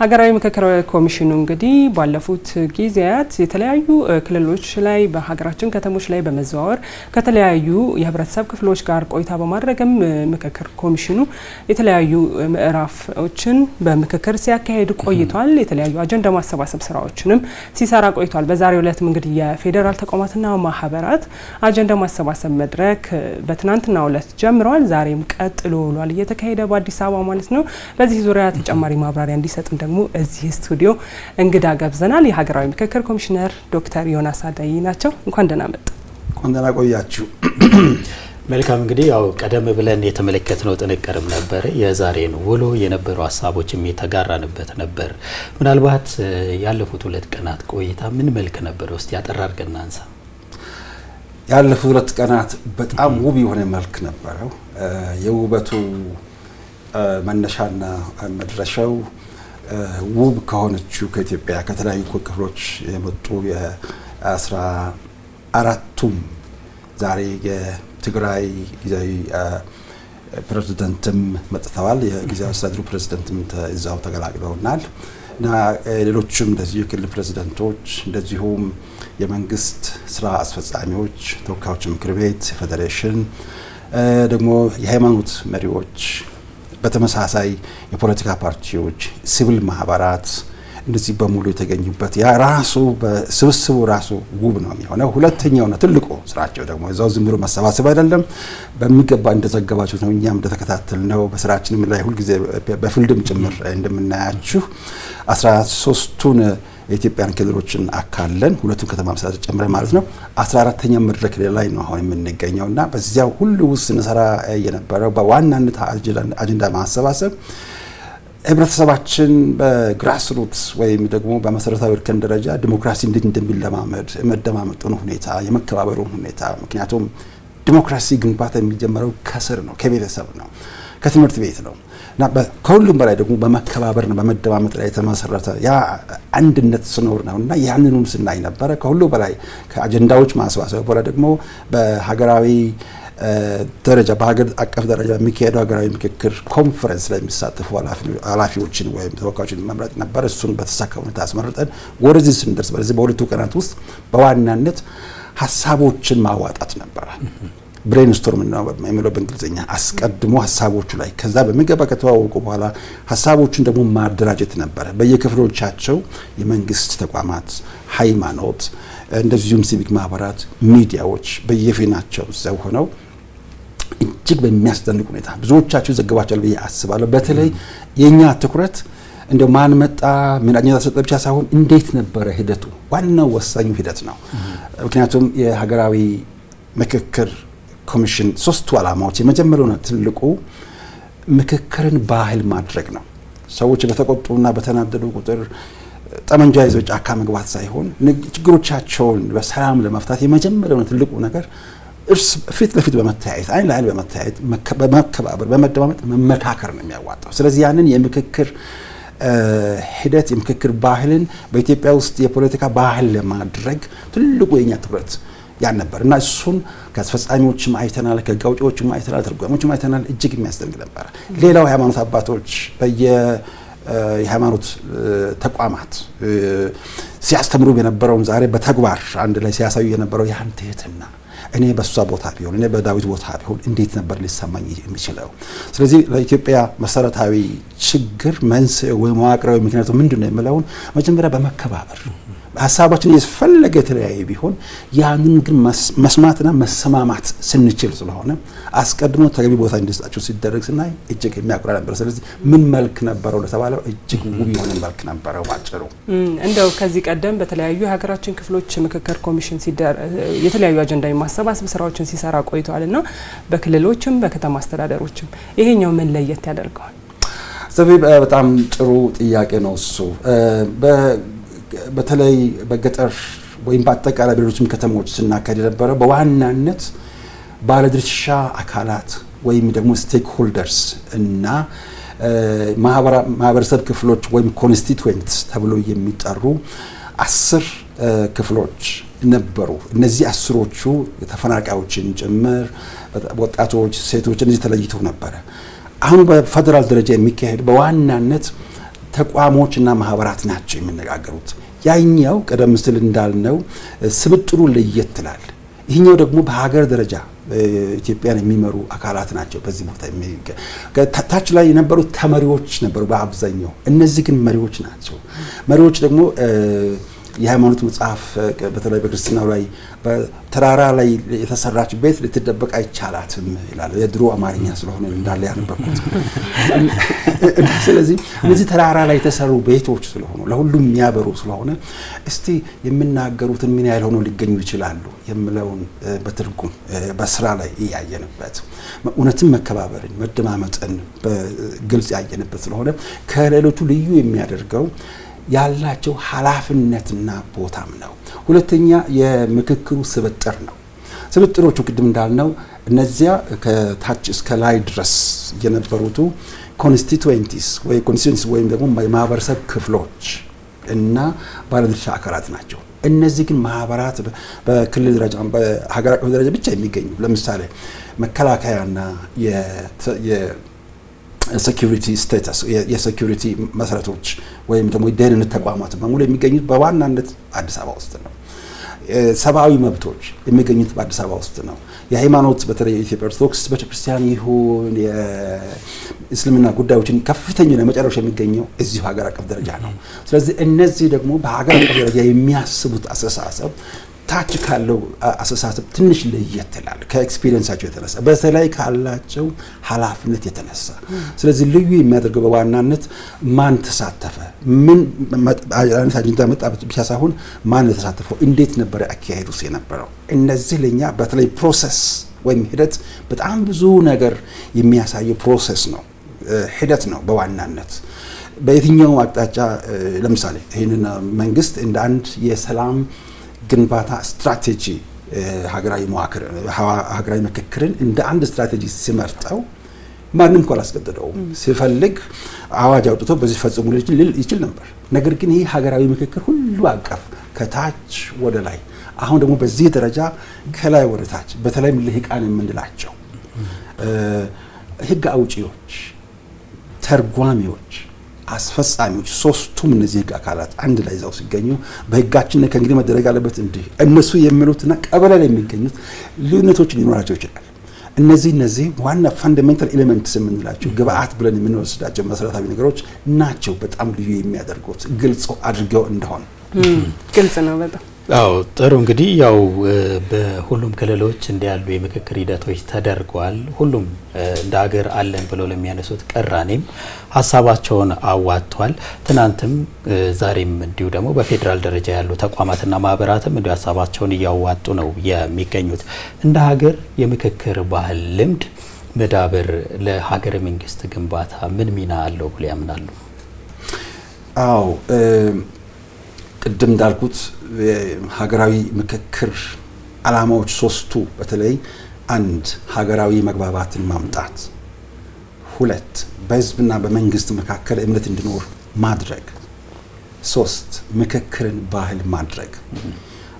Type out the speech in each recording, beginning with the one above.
ሀገራዊ ምክክር ኮሚሽኑ እንግዲህ ባለፉት ጊዜያት የተለያዩ ክልሎች ላይ በሀገራችን ከተሞች ላይ በመዘዋወር ከተለያዩ የህብረተሰብ ክፍሎች ጋር ቆይታ በማድረግም ምክክር ኮሚሽኑ የተለያዩ ምዕራፎችን በምክክር ሲያካሄድ ቆይቷል። የተለያዩ አጀንዳ ማሰባሰብ ስራዎችንም ሲሰራ ቆይቷል። በዛሬው ዕለትም እንግዲህ የፌዴራል ተቋማትና ማህበራት አጀንዳ ማሰባሰብ መድረክ በትናንትናው ዕለት ጀምረዋል። ዛሬም ቀጥሎ ውሏል እየተካሄደ በአዲስ አበባ ማለት ነው። በዚህ ዙሪያ ተጨማሪ ማብራሪያ እንዲሰጥ ደግሞ እዚህ ስቱዲዮ እንግዳ ገብዘናል። የሀገራዊ ምክክር ኮሚሽነር ዶክተር ዮናስ አዳይ ናቸው። እንኳን ደህና መጡ። እንኳን ደህና ቆያችሁ። መልካም እንግዲህ ያው ቀደም ብለን የተመለከትነው ጥንቅርም ነበር። የዛሬን ውሎ የነበሩ ሀሳቦችም የተጋራንበት ነበር። ምናልባት ያለፉት ሁለት ቀናት ቆይታ ምን መልክ ነበር? ውስጥ ያጠራ አድርገን እናንሳ። ያለፉት ሁለት ቀናት በጣም ውብ የሆነ መልክ ነበረው። የውበቱ መነሻና መድረሻው ውብ ከሆነችው ከኢትዮጵያ ከተለያዩ ክፍሎች የመጡ የአስራ አራቱም ዛሬ የትግራይ ጊዜያዊ ፕሬዚደንትም መጥተዋል። የጊዜያዊ አስተዳደሩ ፕሬዚደንትም እዛው ተገላግለውናል እና ሌሎችም እንደዚሁ የክልል ፕሬዚደንቶች እንደዚሁም የመንግስት ስራ አስፈጻሚዎች፣ ተወካዮች ምክር ቤት፣ ፌዴሬሽን ደግሞ የሃይማኖት መሪዎች በተመሳሳይ የፖለቲካ ፓርቲዎች፣ ሲቪል ማህበራት እንደዚህ በሙሉ የተገኙበት ያ ራሱ ስብስቡ ራሱ ውብ ነው የሚሆነው። ነው ትልቁ ስራቸው ደግሞ እዛው ዝም ብሎ መሰባሰብ አይደለም። በሚገባ እንደዘገባችሁት ነው፣ እኛም እንደተከታተል ነው፣ በስራችንም ላይ ሁልጊዜ በፊልድም ጭምር እንደምናያችሁ አስራ ሶስቱን የኢትዮጵያን ክልሎችን አካለን ሁለቱን ከተማ መስራት ጨምረን ማለት ነው አስራ አራተኛ መድረክ ላይ ነው አሁን የምንገኘው እና በዚያ ሁሉ ውስጥ ስንሰራ የነበረው በዋናነት አጀንዳ ማሰባሰብ ህብረተሰባችን በግራስሩት ወይም ደግሞ በመሰረታዊ እርከን ደረጃ ዲሞክራሲ እንዴት እንደሚለማመድ የመደማመጡን ሁኔታ የመከባበሩን ሁኔታ ምክንያቱም ዲሞክራሲ ግንባታ የሚጀመረው ከስር ነው፣ ከቤተሰብ ነው። ከትምህርት ቤት ነው እና ከሁሉም በላይ ደግሞ በመከባበር ነው በመደማመጥ ላይ የተመሰረተ ያ አንድነት ስኖር ነው እና ያንኑም ስናይ ነበረ። ከሁሉ በላይ ከአጀንዳዎች ማሰባሰብ በኋላ ደግሞ በሀገራዊ ደረጃ በሀገር አቀፍ ደረጃ የሚካሄደው ሀገራዊ ምክክር ኮንፈረንስ ላይ የሚሳተፉ ኃላፊዎችን ወይም ተወካዮችን መምረጥ ነበር። እሱን በተሳካ ሁኔታ አስመርጠን ወደዚህ ስንደርስ በዚህ በሁለቱ ቀናት ውስጥ በዋናነት ሀሳቦችን ማዋጣት ነበረ። ብሬን የሚለው በእንግሊዝኛ አስቀድሞ ሀሳቦቹ ላይ ከዛ በሚገባ ከተዋወቁ በኋላ ሀሳቦቹን ደግሞ ማደራጀት ነበረ። በየክፍሎቻቸው የመንግስት ተቋማት፣ ሃይማኖት፣ እንደዚሁም ሲቪክ ማህበራት፣ ሚዲያዎች በየፊናቸው ዘው ሆነው እጅግ በሚያስደንቅ ሁኔታ ብዙዎቻችሁ ዘግባችኋል ብዬ አስባለሁ። በተለይ የእኛ ትኩረት እንደ ማን መጣ ምን ተሰጠ ብቻ ሳይሆን እንዴት ነበረ ሂደቱ ዋናው ወሳኙ ሂደት ነው። ምክንያቱም የሀገራዊ ምክክር ኮሚሽን ሶስቱ ዓላማዎች የመጀመሪያውና ትልቁ ምክክርን ባህል ማድረግ ነው። ሰዎች በተቆጡና በተናደዱ ቁጥር ጠመንጃ ይዘው ጫካ መግባት ሳይሆን ችግሮቻቸውን በሰላም ለመፍታት የመጀመሪያውና ትልቁ ነገር እርስ ፊት ለፊት በመተያየት አይን ለአይን በመተያየት በመከባበር፣ በመደማመጥ መመካከር ነው የሚያዋጣው። ስለዚህ ያንን የምክክር ሂደት የምክክር ባህልን በኢትዮጵያ ውስጥ የፖለቲካ ባህል ለማድረግ ትልቁ የኛ ትኩረት ያን ነበር እና እሱን ከአስፈጻሚዎችም አይተናል፣ ከህግ አውጪዎችም አይተናል፣ ተርጓሚዎችም አይተናል። እጅግ የሚያስደንቅ ነበር። ሌላው የሃይማኖት አባቶች በየ የሃይማኖት ተቋማት ሲያስተምሩ የነበረውን ዛሬ በተግባር አንድ ላይ ሲያሳዩ የነበረው ያን ትህትና እኔ በእሷ ቦታ ቢሆን እኔ በዳዊት ቦታ ቢሆን እንዴት ነበር ሊሰማኝ የሚችለው? ስለዚህ ለኢትዮጵያ መሰረታዊ ችግር መንስኤ ወይ መዋቅራዊ ምክንያቱ ምንድን ነው የምለውን መጀመሪያ በመከባበር ሀሳባችን የፈለገ የተለያየ ቢሆን ያንን ግን መስማትና መሰማማት ስንችል ስለሆነ አስቀድሞ ተገቢ ቦታ እንዲሰጣቸው ሲደረግ ስናይ እጅግ የሚያኮራ ነበረ። ስለዚህ ምን መልክ ነበረው ለተባለው እጅግ ውብ የሆነ መልክ ነበረው። ባጭሩ እንደው ከዚህ ቀደም በተለያዩ የሀገራችን ክፍሎች ምክክር ኮሚሽን የተለያዩ አጀንዳ የማሰባሰብ ስራዎችን ሲሰራ ቆይተዋል እና በክልሎችም በከተማ አስተዳደሮችም ይሄኛው ምን ለየት ያደርገዋል? በጣም ጥሩ ጥያቄ ነው እሱ በተለይ በገጠር ወይም በአጠቃላይ በሌሎችም ከተሞች ስናካሄድ የነበረ በዋናነት ባለድርሻ አካላት ወይም ደግሞ ሆልደርስ እና ማህበረሰብ ክፍሎች ወይም ኮንስቲቱዌንትስ ተብሎ የሚጠሩ አስር ክፍሎች ነበሩ። እነዚህ አስሮቹ ተፈናቃዮችን ጭምር ወጣቶች፣ ሴቶች እነዚህ ተለይተው ነበረ። አሁን በፌዴራል ደረጃ የሚካሄድ በዋናነት ተቋሞችና ማህበራት ናቸው የሚነጋገሩት። ያኛው ቀደም ሲል እንዳልነው ስብጥሩ ለየት ትላል። ይህኛው ደግሞ በሀገር ደረጃ ኢትዮጵያን የሚመሩ አካላት ናቸው። በዚህ ቦታ ታች ላይ የነበሩት ተመሪዎች ነበሩ በአብዛኛው። እነዚህ ግን መሪዎች ናቸው። መሪዎች ደግሞ የሃይማኖት መጽሐፍ በተለይ በክርስትናው ላይ ተራራ ላይ የተሰራች ቤት ልትደበቅ አይቻላትም ይላል። የድሮ አማርኛ ስለሆነ እንዳለ ያነበብኩት። ስለዚህ እነዚህ ተራራ ላይ የተሰሩ ቤቶች ስለሆኑ ለሁሉም የሚያበሩ ስለሆነ እስቲ የምናገሩትን ምን ያህል ሆኖ ሊገኙ ይችላሉ የምለውን በትርጉም በስራ ላይ እያየንበት እውነትን መከባበርን፣ መደማመጥን በግልጽ ያየንበት ስለሆነ ከሌሎቹ ልዩ የሚያደርገው ያላቸው ኃላፊነትና ቦታም ነው። ሁለተኛ የምክክሩ ስብጥር ነው። ስብጥሮቹ ቅድም እንዳልነው እነዚያ ከታች እስከ ላይ ድረስ የነበሩቱ ኮንስቲቱዌንቲስ ወይ ኮንስቲቱዌንቲስ ወይም ደግሞ የማህበረሰብ ክፍሎች እና ባለድርሻ አካላት ናቸው። እነዚህ ግን ማህበራት በክልል ደረጃ በሀገር አቀፍ ደረጃ ብቻ የሚገኙ ለምሳሌ መከላከያና ሴኪሪቲ ስቴተስ የሴኪሪቲ መሰረቶች ወይም ደግሞ የደህንነት ተቋማት በሙሉ የሚገኙት በዋናነት አዲስ አበባ ውስጥ ነው። ሰብአዊ መብቶች የሚገኙት በአዲስ አበባ ውስጥ ነው። የሃይማኖት በተለይ የኢትዮጵያ ኦርቶዶክስ ቤተክርስቲያን ይሁን የእስልምና ጉዳዮችን ከፍተኛ ለመጨረሻ የሚገኘው እዚሁ ሀገር አቀፍ ደረጃ ነው። ስለዚህ እነዚህ ደግሞ በሀገር አቀፍ ደረጃ የሚያስቡት አስተሳሰብ ታች ካለው አስተሳሰብ ትንሽ ለየት ይላል፣ ከኤክስፒሪየንሳቸው የተነሳ በተለይ ካላቸው ኃላፊነት የተነሳ። ስለዚህ ልዩ የሚያደርገው በዋናነት ማን ተሳተፈ፣ ምን አይነት አጀንዳ መጣ ብቻ ሳይሆን ማን የተሳተፈው፣ እንዴት ነበረ አካሄዱስ የነበረው። እነዚህ ለኛ በተለይ ፕሮሰስ ወይም ሂደት በጣም ብዙ ነገር የሚያሳየው ፕሮሰስ ነው፣ ሂደት ነው በዋናነት በየትኛው አቅጣጫ ለምሳሌ ይህንን መንግስት እንደ አንድ የሰላም ግንባታ ስትራቴጂ ሀገራዊ መዋቅር ሀገራዊ ምክክርን እንደ አንድ ስትራቴጂ ሲመርጠው ማንም እኮ አላስገደደውም። ሲፈልግ አዋጅ አውጥቶ በዚህ ፈጽሙ ይችል ነበር። ነገር ግን ይህ ሀገራዊ ምክክር ሁሉ አቀፍ ከታች ወደ ላይ፣ አሁን ደግሞ በዚህ ደረጃ ከላይ ወደ ታች፣ በተለይም ልሂቃን የምንላቸው ህግ አውጪዎች፣ ተርጓሚዎች አስፈጻሚዎች ሶስቱም እነዚህ ህግ አካላት አንድ ላይ እዛው ሲገኙ በህጋችን ላይ ከእንግዲህ መደረግ አለበት እንዲህ እነሱ የሚሉትና ቀበሌ ላይ የሚገኙት ልዩነቶች ሊኖራቸው ይችላል። እነዚህ እነዚህ ዋና ፋንዳሜንታል ኤሌመንትስ የምንላቸው ግብአት ብለን የምንወስዳቸው መሰረታዊ ነገሮች ናቸው። በጣም ልዩ የሚያደርጉት ግልጽ አድርገው እንደሆነ ግልጽ ነው በጣም አዎ ጥሩ እንግዲህ ያው በሁሉም ክልሎች ያሉ የምክክር ሂደቶች ተደርጓል። ሁሉም እንደ ሀገር አለን ብለው ለሚያነሱት ቅራኔም ሀሳባቸውን አዋጥቷል። ትናንትም ዛሬም እንዲሁ ደግሞ በፌዴራል ደረጃ ያሉ ተቋማትና ማህበራትም እንዲሁ ሀሳባቸውን እያዋጡ ነው የሚገኙት። እንደ ሀገር የምክክር ባህል ልምድ መዳበር ለሀገረ መንግስት ግንባታ ምን ሚና አለው ብሎ ያምናሉ? አዎ ቅድም እንዳልኩት ሀገራዊ ምክክር አላማዎች ሶስቱ በተለይ አንድ ሀገራዊ መግባባትን ማምጣት፣ ሁለት በህዝብና በመንግስት መካከል እምነት እንዲኖር ማድረግ፣ ሶስት ምክክርን ባህል ማድረግ።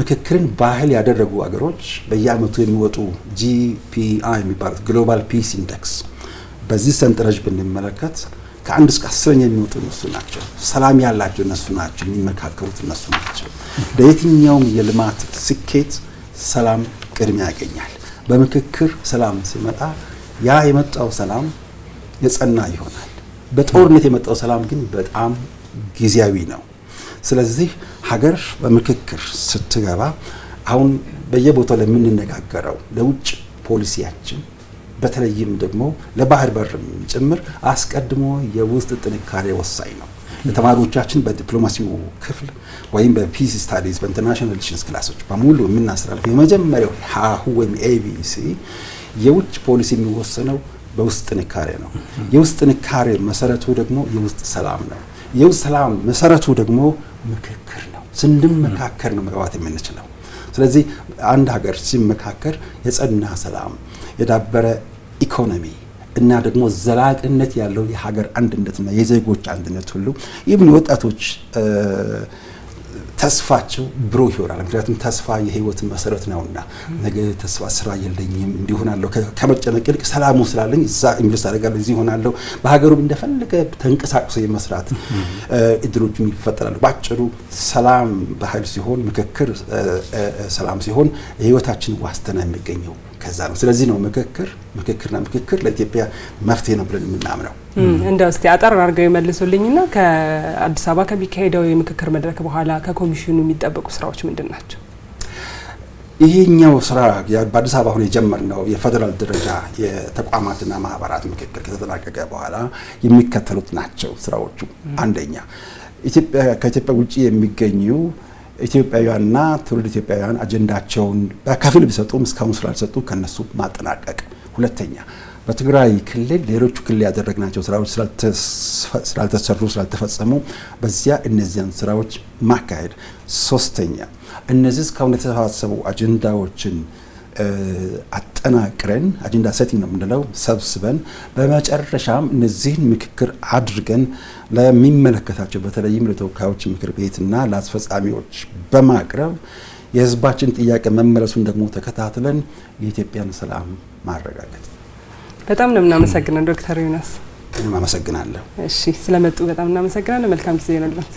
ምክክርን ባህል ያደረጉ አገሮች በየአመቱ የሚወጡ ጂፒአይ የሚባሉት ግሎባል ፒስ ኢንደክስ በዚህ ሰንጠረዥ ብንመለከት ከአንድ እስከ አስረኛ የሚወጡ እነሱ ናቸው። ሰላም ያላቸው እነሱ ናቸው። የሚመካከሩት እነሱ ናቸው። ለየትኛውም የልማት ስኬት ሰላም ቅድሚያ ያገኛል። በምክክር ሰላም ሲመጣ ያ የመጣው ሰላም የጸና ይሆናል። በጦርነት የመጣው ሰላም ግን በጣም ጊዜያዊ ነው። ስለዚህ ሀገር በምክክር ስትገባ አሁን በየቦታው ለምንነጋገረው ለውጭ ፖሊሲያችን በተለይም ደግሞ ለባህር በርም ጭምር አስቀድሞ የውስጥ ጥንካሬ ወሳኝ ነው። ለተማሪዎቻችን በዲፕሎማሲው ክፍል ወይም በፒስ ስታዲስ በኢንተርናሽናል ሪሌሽንስ ክላሶች በሙሉ የምናስተላልፈው የመጀመሪያው ሀሁ ወይም ኤቢሲ የውጭ ፖሊሲ የሚወሰነው በውስጥ ጥንካሬ ነው። የውስጥ ጥንካሬ መሰረቱ ደግሞ የውስጥ ሰላም ነው። የውስጥ ሰላም መሰረቱ ደግሞ ምክክር ነው። ስንመካከር ነው መግባት የምንችለው። ስለዚህ አንድ ሀገር ሲመካከር የጸና ሰላም የዳበረ ኢኮኖሚ እና ደግሞ ዘላቅነት ያለው የሀገር አንድነትና የዜጎች አንድነት ሁሉ ይብን ወጣቶች ተስፋቸው ብሩህ ይሆናል። ምክንያቱም ተስፋ የህይወት መሰረት ነውና ነገ ተስፋ ስራ የለኝም እንዲሆናለሁ ከመጨነቅ ይልቅ ሰላሙ ስላለኝ እዛ ኢንቨስት አደርጋለሁ እዚህ ይሆናለሁ በሀገሩም እንደፈለገ ተንቀሳቅሶ የመስራት እድሎችም ይፈጠራሉ። ባጭሩ ሰላም በኃይል ሲሆን፣ ምክክር ሰላም ሲሆን፣ የህይወታችን ዋስትና የሚገኘው ከዛ ነው። ስለዚህ ነው ምክክር ምክክርና ምክክር ለኢትዮጵያ መፍትሄ ነው ብለን የምናምነው። እንደው እስቲ አጠር አድርገው የመልሱልኝና ከአዲስ አበባ ከሚካሄደው የምክክር መድረክ በኋላ ከኮሚሽኑ የሚጠበቁ ስራዎች ምንድን ናቸው? ይሄኛው ስራ በአዲስ አበባ አሁን የጀመርነው የፌዴራል ደረጃ የተቋማትና ማህበራት ምክክር ከተጠናቀቀ በኋላ የሚከተሉት ናቸው ስራዎቹ። አንደኛ ኢትዮጵያ ከኢትዮጵያ ውጭ የሚገኙ ኢትዮጵያውያንና ትውልድ ኢትዮጵያውያን አጀንዳቸውን በከፊል ቢሰጡም እስካሁን ስላልሰጡ ከነሱ ማጠናቀቅ፣ ሁለተኛ በትግራይ ክልል ሌሎቹ ክልል ያደረግናቸው ስራዎች ስላልተሰሩ ስላልተፈጸሙ በዚያ እነዚያን ስራዎች ማካሄድ፣ ሶስተኛ እነዚህ እስካሁን የተሰባሰቡ አጀንዳዎችን አጠናቅረን አጀንዳ ሰቲንግ ነው የምንለው ሰብስበን በመጨረሻም እነዚህን ምክክር አድርገን ለሚመለከታቸው በተለይም ለተወካዮች ምክር ቤትና ለአስፈጻሚዎች በማቅረብ የህዝባችን ጥያቄ መመለሱን ደግሞ ተከታትለን የኢትዮጵያን ሰላም ማረጋገጥ። በጣም ነው የምናመሰግነው ዶክተር ዮናስ። አመሰግናለሁ። እሺ ስለመጡ በጣም እናመሰግናለን። መልካም ጊዜ ይሁንልዎት።